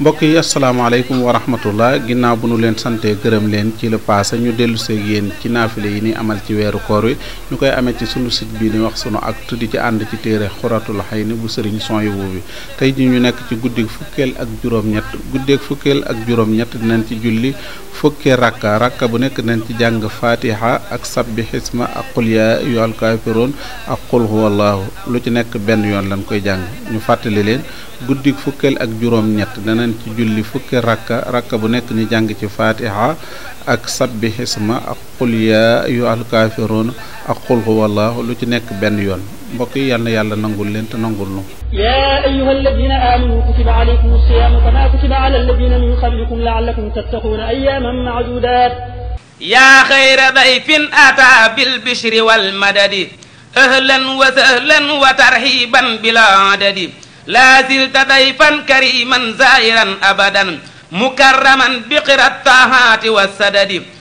mbokk yi asalaamaaleykum wa rahmatullah ginnaaw bu nu leen sante gërëm leen ci la paase ñu dellu seeg yéen ci naafile yi ni amal ci weeru koor wi ñu koy amee ci sunu site bi ni wax sunu ak di ci ànd ci téere xuratul xayni bu sëriñ son yi bi tey ji ñu nekk ci guddeeg fukkeel ak juróom-ñett guddeeg fukkeel ak juróom-ñett dinañ ci julli fukki rakka rakka bu nekk nañ ci jàng fatiha ak sabbi xisma ak qul yaa yu alkaafiroon ak qul huwallaahu lu ci nekk benn yoon lañ koy jàng ñu fàttali leen guddik fukkeel ak juróom ñett danañ ci julli fukki rakka rakka bu nekk ni jàng ci fatiha ak sabbi xisma ak qul yaa yu alkaafiroon ak qul huwallaahu lu ci nekk benn yoon mbokk yi yal na yàlla nangul leen te nangul nu ya ayuha alladina amanu kutiba alaykum alsiyamu kama kutiba ala alladina min qablikum laallakum tattaquuna ayaman maadudat ya xayra dayfin ata bilbishri walmadadi ahlan wa sahlan wa tarxiban bila adadi laa zilta dayfan kariman zairan abadan mukarraman biqirat tahaati wasadadi